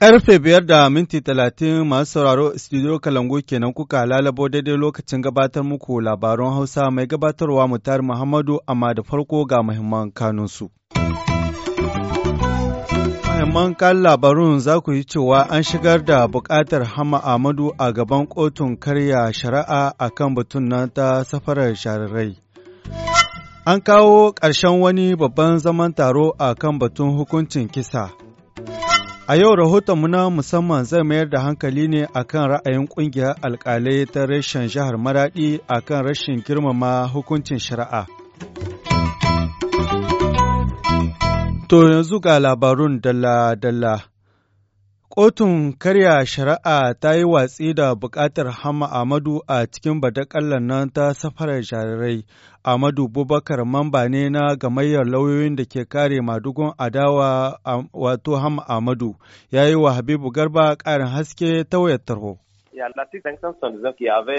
Karfe biyar da minti talatin masu sauraro studio Kalangu kenan kuka lalabo daidai lokacin gabatar muku labaran Hausa mai gabatarwa mutar Muhammadu amma da farko ga muhimman kanunsu. muhimman kan labarun za ku yi cewa an shigar da buƙatar hama Ahmadu a gaban kotun karya shari'a a kan batun na ta safarar sharirai. An kawo ƙarshen wani babban zaman taro a kan batun hukuncin kisa. A yau rahoton na musamman zai mayar da hankali ne a kan ra'ayin ƙungiyar alƙalai ta rashin jihar Maraɗi a kan rashin girmama hukuncin shari'a. To yanzu ga labarun dalla-dalla. Kotun karya shari'a ta yi watsi da buƙatar Hama Amadu a cikin badakallan nan ta safarar jarirai. Amadu Bubakar mamba ne na gamayyar lauyoyin da ke kare madugun adawa wato Hama Amadu, ya yi wa Habibu Garba ƙarin haske ta wayar tarho. ya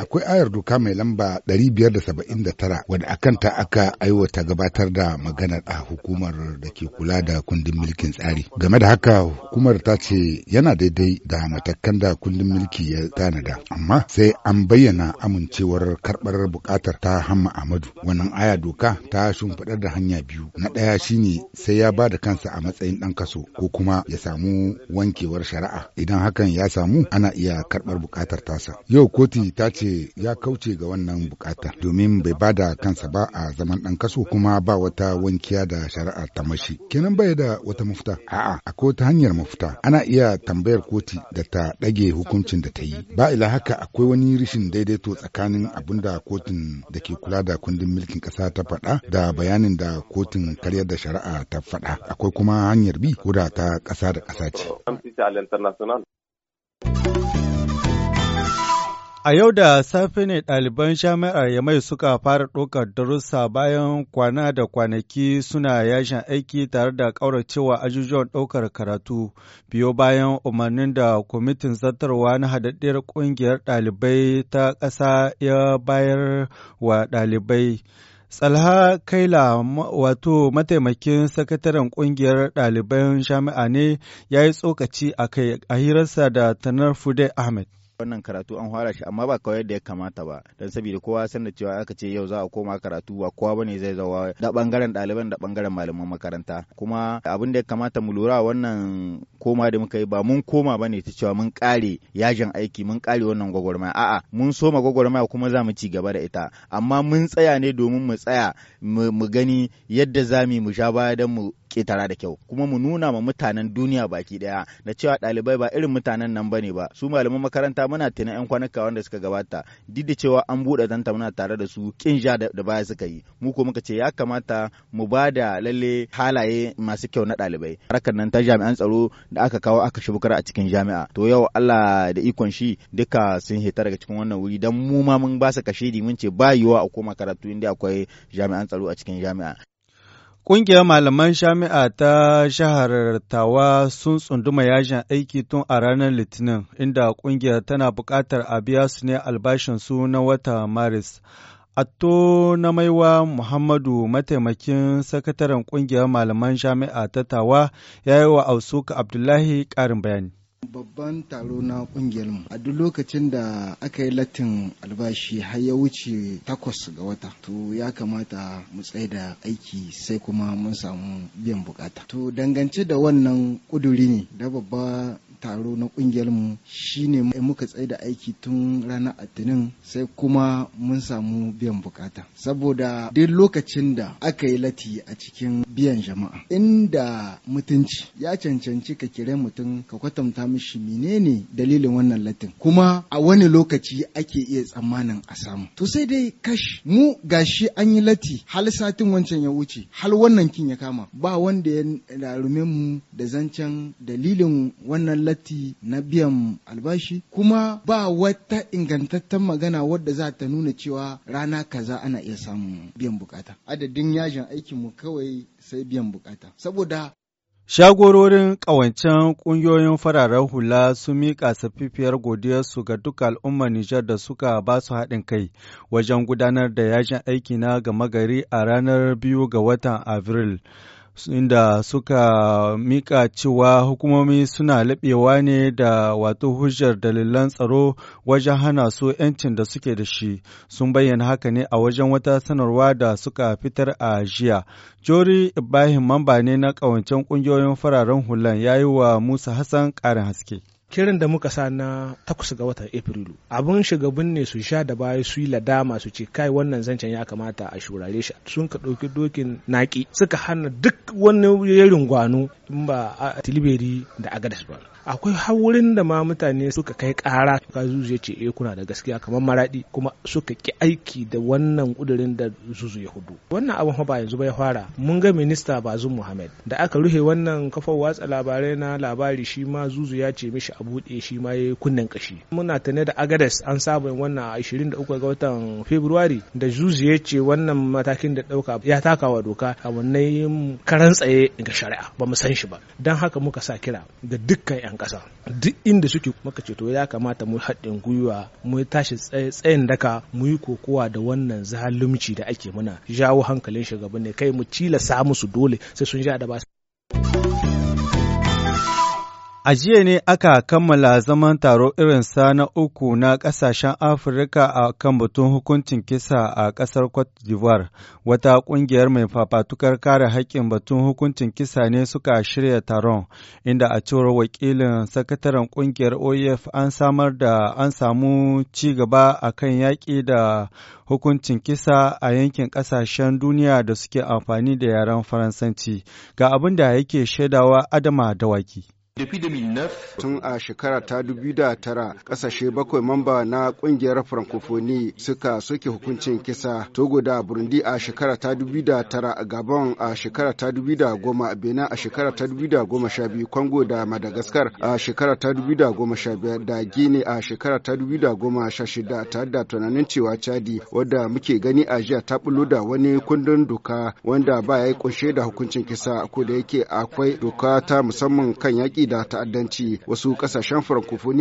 akwai ayar doka mai lamba 579 wadda akan ta aka aiwata gabatar da maganar a hukumar da ke kula da kundin mulkin tsari game da haka hukumar ta ce yana daidai da matakan da kundin mulki ya tanada amma sai an bayyana amincewar karbar bukatar ta hamma amadu wannan aya doka ta shimfiɗar da hanya biyu na ɗaya shine sai ya ba da kansa a matsayin ɗan kaso ko kuma ya samu wankewar shari'a idan hakan ya samu ana iya karbar bukatar bukatar tasa. Yau koti ta ce ya kauce ga wannan bukata domin bai ba da kansa ba a zaman ɗan kaso kuma ba wata wankiya da shari'a ta mashi. Kenan bai da wata mafita. A'a, akwai wata hanyar mafita. Ana iya tambayar koti da ta ɗage hukuncin da ta yi. Ba ila haka akwai wani rishin daidaito tsakanin abin da kotun da ke kula da kundin mulkin kasa ta faɗa da bayanin da kotun karyar da shari'a ta faɗa. Akwai kuma hanyar bi ko ta ƙasa da ƙasa ce. A yau da safe ne ɗaliban jami'ar Yamai suka fara ɗaukar darussa bayan kwana da kwanaki suna yashin aiki tare da ƙauracewa ajujuwan ɗaukar karatu, biyo bayan umarnin da kwamitin zartarwa na hadaddiyar ƙungiyar ɗalibai ta ƙasa ya bayar wa ɗalibai. Tsalha Kaila wato mataimakin sakataren kungiyar ɗaliban jami'a ne ya yi tsokaci a kai a hirarsa da Tanar Fude Ahmed. wannan karatu an fara shi amma ba kawai yadda ya kamata ba dan saboda kowa san da cewa aka ce yau za a koma karatu ba kowa bane zai zawa da bangaren ɗaliban da bangaren malaman makaranta kuma abin da ya kamata mu lura wannan koma da muka yi ba mun koma bane ta cewa mun kare yajin aiki mun kare wannan gwagwarmaya a'a mun soma gwagwarmaya kuma za mu ci gaba da ita amma mun tsaya ne domin mu tsaya mu gani yadda za mu sha baya don mu tara da kyau kuma mu nuna ma mutanen duniya baki ɗaya da cewa ɗalibai ba irin mutanen nan bane ba su malaman makaranta muna tunan yan kwanuka wanda suka gabata duk da cewa an buɗe zanta muna tare da su kin ja da baya suka yi mu ko muka ce ya kamata mu ba da lalle halaye masu kyau na ɗalibai harkar nan ta jami'an tsaro da aka kawo aka shibukar a cikin jami'a to yau Allah da ikon shi duka sun hita daga cikin wannan wuri dan mu ma mun ba su kashe mun ce ba yiwa a koma karatu inda akwai jami'an tsaro a cikin jami'a Ƙungiyar malaman jami'a ta jihar sun tsunduma yajin aiki tun a ranar Litinin, inda ƙungiyar tana buƙatar a biya su ne albashinsu na wata Maris. Atto na maiwa Muhammadu mataimakin sakataren ƙungiyar malaman jami'a ta Tawa ya yi wa Ausuka Abdullahi ƙarin bayani. babban taro na mu a duk lokacin da aka yi latin albashi har ya wuce takwas ga wata to ya kamata mu tsaye da aiki sai kuma mun samu biyan bukata to dangance da wannan kuduri ne da babba taro na ƙungiyarmu shine muka tsaye da aiki tun ranar Atinin sai kuma mun samu biyan bukata. Saboda duk lokacin da aka yi lati a cikin biyan jama'a inda mutunci ya cancanci ka kire mutum ka kwatanta mishi menene dalilin wannan latin kuma a wani lokaci ake iya tsammanin a samu. To sai dai kash mu gashi an yi lati hal satin wancan ya wuce hal wannan kin ya kama ba wanda ya rume mu da zancen dalilin wannan latin latti na biyan albashi kuma ba wata ingantaccen magana wadda za ta nuna cewa rana kaza ana iya samun biyan bukata adadin yajin aikin mu kawai sai biyan bukata saboda Shagororin ƙawancen ƙungiyoyin fararen hula sun miƙa safifiyar godiyarsu ga duka al'ummar Nijar da suka ba su haɗin kai wajen gudanar da yajin aiki na gama gari a ranar biyu ga watan Avril. inda suka mika cewa hukumomi suna laɓewa ne da wato hujjar dalilan tsaro wajen hana su 'yancin da suke da shi sun bayyana haka ne a wajen wata sanarwa da suka fitar a jiya jori ibrahim mamba ne na ƙawancen ƙungiyoyin fararen hulan ya yi wa musa hassan ƙarin haske kirin da muka sa na takwas ga watan afrilu abin shugabin ne su sha da baya su yi ladama su ce kai wannan zancen ya kamata a shurare shi sun ka ɗauki dokin naki suka hana duk wani yarin gwano in ba a tilberi da agadas ba akwai haurin da ma mutane suka kai kara ka zuzu ya ce eh kuna da gaskiya kamar maradi kuma suka ki aiki da wannan kudirin da zuzu ya hudu wannan abin ba yanzu bai fara mun ga minista bazum muhammad da aka ruhe wannan kafar watsa labarai na labari shi ma zuzu ya ce mishi a buɗe shi ma ya kunnen kashi muna tane da agadas an saba wannan 23 ga watan february da zuzu ya ce wannan matakin da ɗauka ya taka wa doka a wannan karan tsaye ga shari'a ba mu san shi shi ba don haka muka sa kira ga dukkan 'yan ƙasa duk inda suke muka ceto ya kamata mu haɗin gwiwa mu tashi tsayin daka mu yi kokowa da wannan zalunci da ake muna jawo hankalin shugaban ne kai mu samu musu dole sai sun ja da ba A jiya ne aka kammala zaman taro sa na uku na ƙasashen Afirka a kan batun hukuncin kisa a ƙasar Cote d'Ivoire. Wata ƙungiyar mai fafatukar kare haƙƙin batun hukuncin kisa ne suka shirya taron, inda a cewar wakilin sakataren ƙungiyar OEF an samar da an samu ci gaba a kan yaƙi da hukuncin kisa a yankin ƙasashen duniya da suke amfani da yaren Faransanci. Ga abin da yake shaidawa Adama Dawaki. Tun a shekara ta 2009 kasashe bakwai mamba na kungiyar Francophonie suka soke hukuncin kisa Togo da Burundi a shekara ta tara, Gabon a shekara ta goma, Benin a shekara ta biyu, Congo da Madagascar a shekara ta 2015 da Guinea a shekara ta shida, tare da tunanin cewa Chadi wadda muke gani a jiya ta bulo da wani kundin doka wanda ba ya yi kunshe da hukuncin kisa ko da yake akwai doka ta musamman kan yaƙi yaƙi da ta'addanci wasu ƙasashen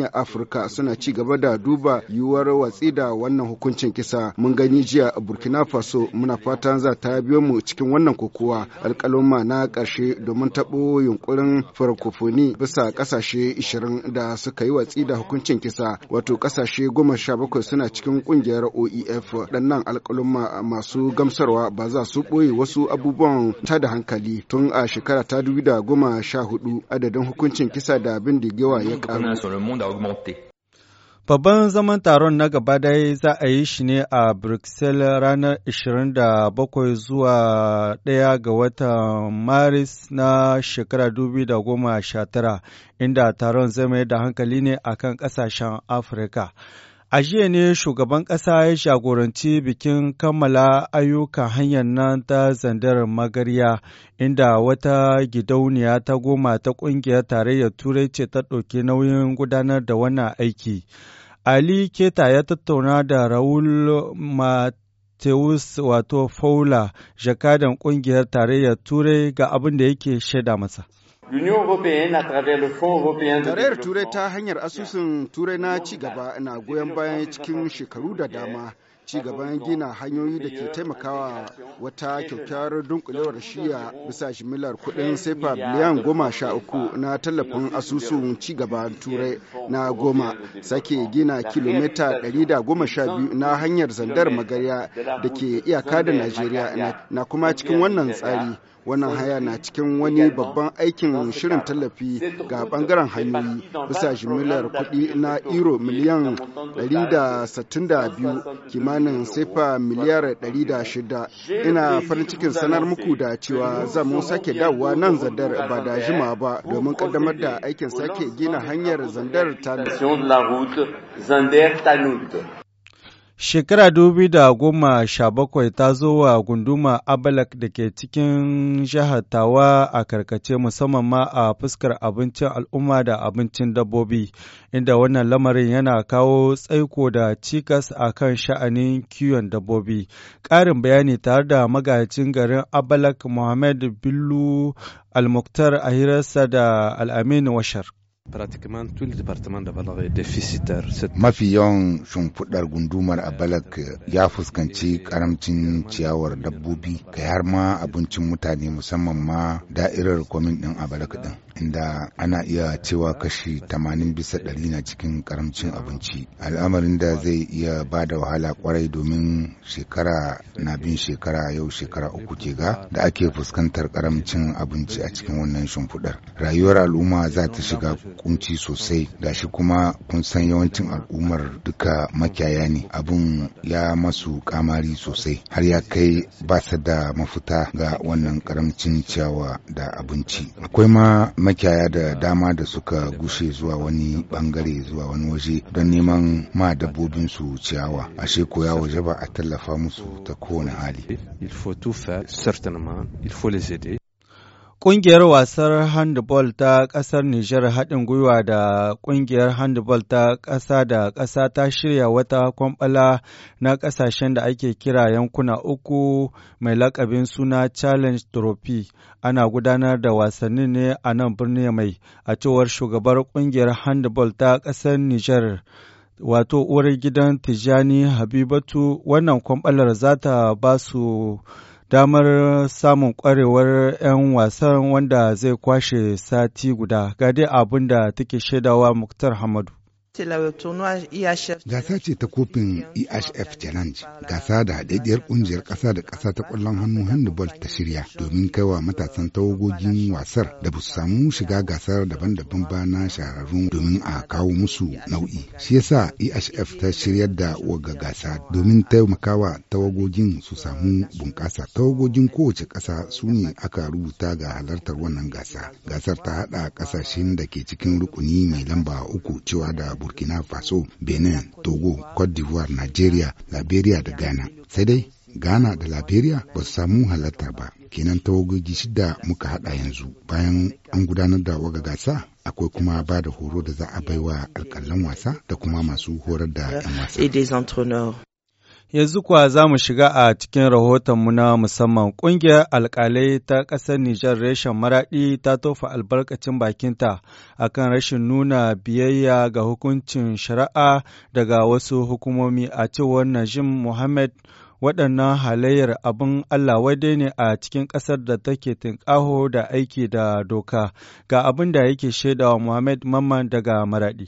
a afirka suna ci gaba da duba yiwuwar watsi da wannan hukuncin kisa mun gani jiya a burkina faso muna fatan za ta biyo mu cikin wannan kokowa alƙaluma na ƙarshe domin taɓo yunkurin francophoni bisa ƙasashe 20 da suka yi watsi da hukuncin kisa wato ƙasashe goma sha bakwai suna cikin ƙungiyar oef ɗannan alƙaluma masu gamsarwa ba za su ɓoye wasu abubuwan ta da hankali tun a shekara ta 2014 adadin hukuncin hukuncin kisa da bindigewa ya Babban zaman taron na gaba dai za a yi shi ne a Bruxelles ranar 27 zuwa 1 ga watan Maris na shekara 2019, inda taron zai mai da hankali ne akan kasashen Afirka. A jiya ne shugaban ƙasa ya shagoranci bikin kammala ayyukan hanyar nan ta zandar magarya, inda wata gidauniya ta goma ta ƙungiyar tarayyar Turai ce ta ɗauki nauyin gudanar da wannan aiki. Ali Keta ya tattauna da Raul Mateus wato Faula, jakadan ƙungiyar tarayyar Turai ga abin da yake shaida masa. Tarayyar Turai ta hanyar asusun Turai na ci gaba na goyon bayan cikin shekaru da dama ci gaban gina hanyoyi da ke taimakawa wata kyakkyawar dunkulewar shiya bisa shimilar kudin sefa biliyan goma sha uku na tallafin asusun ci gaban turai na goma sake gina kilomita 112 na hanyar zandar magarya da ke iyaka da najeriya na kuma cikin wannan tsari wannan haya na cikin wani babban aikin shirin tallafi ga bangaren hanyoyi bisa jimillar kuɗi na euro miliyan 162 kimanin kimanin sifa miliyar 600 ina farin cikin sanar muku da cewa zan mu sake dawowa nan zandar ba da jima ba domin kaddamar da aikin sake gina hanyar zandar talut Shekara dubi da goma sha bakwai ta zo wa gunduma Abalak da ke cikin jihar Tawa a karkace musamman ma a fuskar abincin al'umma da abincin dabbobi, inda wannan lamarin yana kawo tsaiko da cikas a kan sha'anin kiwon dabbobi. Ƙarin bayani tare da magajin garin Abalak Muhammad Bello Almuktar a hirarsa da Al'amin Washar. pratiquement tout le département de Balag est déficitaire. Mafi yawan shimfiɗar gundumar a Balak euh, ya fuskanci karamcin ciyawar dabbobi kai har ma abincin mutane musamman ma da'irar komin din a Balak din. inda ana iya cewa kashi 80 bisa ɗari na cikin karamcin abinci al'amarin da zai iya ba da wahala kwarai domin shekara na bin shekara yau shekara uku ke ga da ake fuskantar karamcin abinci a cikin wannan shimfiɗar rayuwar al'umma za ta shiga kunci sosai gashi kuma kun san yawancin al'ummar duka makiyaya ne abun ya masu kamari sosai har ya kai ba da mafita ga wannan karamcin ciyawa da abinci akwai ma makiyaya da dama da suka gushe zuwa wani bangare zuwa wani waje don neman ma dabbobin su ciyawa ashe sheko ya waje ba a tallafa musu ta kowane hali Ƙungiyar wasar handball ta ƙasar Nijar haɗin gwiwa da ƙungiyar handball ta ƙasa da ƙasa ta shirya wata kwamɓala na ƙasashen da ake kira yankuna uku mai lakabin suna Challenge Trophy. Ana gudanar da wasannin ne a nan birni mai a cewar shugabar ƙungiyar handball ta ƙasar Nijar. Wato, uwar gidan Tijjani Habibatu, wannan kwamɓalar za ta ba su damar samun ƙwarewar 'yan wasan wanda zai kwashe sati guda, gade dai abin da take shaidawa Muktar Hamadu. E gasa ce ta kofin EHF Challenge, gasa da haɗaɗɗiyar ƙungiyar ƙasa da ƙasa ta ƙwallon hannu handball ta shirya domin kaiwa matasan tawagogin wasar da ba su samu shiga gasar daban-daban ba na shahararrun domin a kawo musu nau'i. Shi yasa EHF ta shiryar da waga gasa domin taimakawa tawagogin su samu bunƙasa. Tawagogin kowace ƙasa su ne aka rubuta ga halartar wannan gasa. Gasar ta haɗa ƙasashen da ke cikin rukuni mai lamba uku cewa da burkina faso benin togo cote d'ivoire nigeria liberia da ghana sai dai ghana da liberia ba su samu halatta ba kenan tawagogi shida muka hada yanzu bayan an gudanar da waga gasa akwai kuma ba da horo da za a baiwa alkalan wasa da kuma masu horar da 'yan wasa Yanzu kuwa za mu shiga a cikin rahotonmu na musamman ƙungiyar alƙalai ta ƙasar Nijar reshen maraɗi ta tofa albarkacin bakinta a kan rashin nuna biyayya ga hukuncin shari'a daga wasu hukumomi a cewar Najim Muhammad waɗannan halayyar abin Allah wade ne a cikin ƙasar da take tinƙaho da aiki da doka ga abin da yake shaidawa Muhammad Mamman daga maraɗi.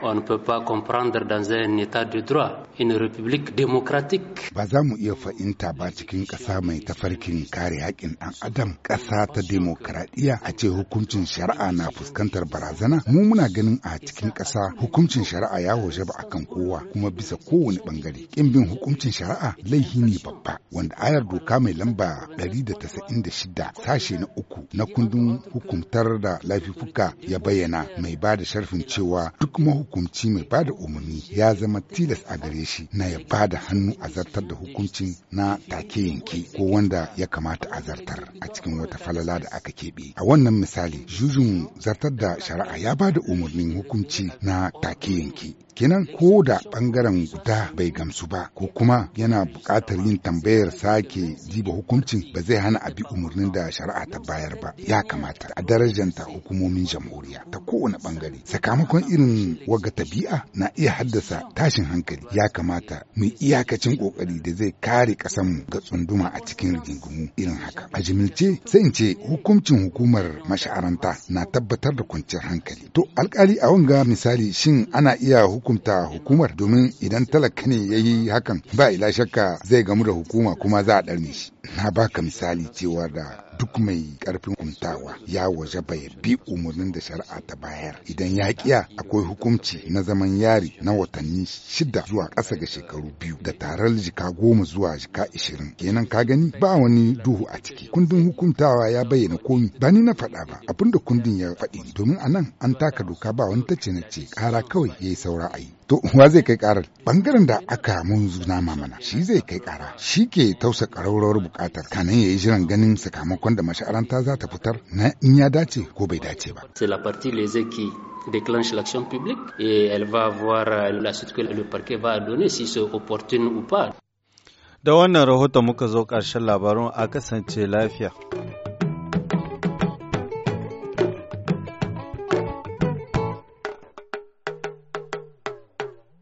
on ne peut pas comprendre dans un état de droit une république démocratique. Ba za mu iya fahimta ba cikin ƙasa mai tafarkin kare haƙƙin ɗan adam ƙasa ta demokradiyya a ce hukuncin shari'a na fuskantar barazana mu muna ganin a cikin ƙasa hukuncin shari'a ya waje ba akan kowa kuma bisa kowane bangare ƙin bin hukuncin shari'a laifi ne babba wanda ayar doka mai lamba da da shida sashe na uku na kundin hukumtar da laifuka ya bayyana mai ba da sharfin cewa duk mahu Hukunci mai ba da umarni ya zama tilas a gare shi na ya da hannu a zartar da hukuncin na take yanke ko wanda ya kamata a zartar a cikin wata falala da aka keɓe. A wannan misali, jujun zartar da shari'a ya ba da umarnin hukunci na take yanke kenan ko da bangaren guda bai gamsu ba ko kuma yana bukatar yin tambayar sake diba hukuncin ba zai hana a bi umarnin da shari'a ta bayar ba ya kamata a darajanta hukumomin jamhuriya ta kowane bangare sakamakon irin waga tabi'a na iya haddasa tashin hankali ya kamata mu iyakacin kokari da zai kare kasanmu ga tsunduma a cikin rigingimu irin haka a jimilce sai in ce hukuncin hukumar masha'aranta na tabbatar da kwanciyar hankali to alkali a wanga misali shin ana iya hukum hukunta hukumar domin idan talaka ne ya yi hakan ba ila shakka zai gamu da hukuma kuma za a ɗarne shi na baka misali cewa da duk mai karfin kuntawa ya waje bai bi umarnin da shari'a ta bayar idan ya kiya akwai hukunci na zaman yari na watanni shida zuwa ƙasa ga shekaru biyu da tarar jika goma zuwa jika ishirin kenan ka gani ba wani duhu a ciki kundin hukuntawa ya bayyana komi ba ni na faɗa ba abinda kundin ya faɗi domin a nan an taka doka ba wani tace na ce ƙara kawai ya yi saura a yi to wa zai kai karar bangaren da aka mun zuna mamana shi zai kai kara shi ke tausa karaurawar bukatar kanan ya yi jiran ganin sakamakon da mashi'aranta za ta fitar na in ya dace ko bai dace ba c'est la partie les qui déclenche l'action publique et elle va voir euh, la suite que le parquet va donner si c'est opportune ou pas da wannan rahoton muka zo karshen labarin a kasance lafiya